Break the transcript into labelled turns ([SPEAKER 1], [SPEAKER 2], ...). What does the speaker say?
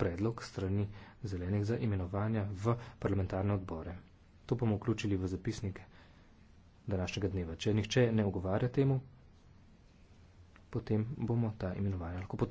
[SPEAKER 1] predlog strani zelenih za imenovanja v parlamentarne odbore. To bomo vključili v zapisnike današnjega dneva. Če nihče ne ogovarja temu, potem bomo ta imenovanja lahko potrebovali.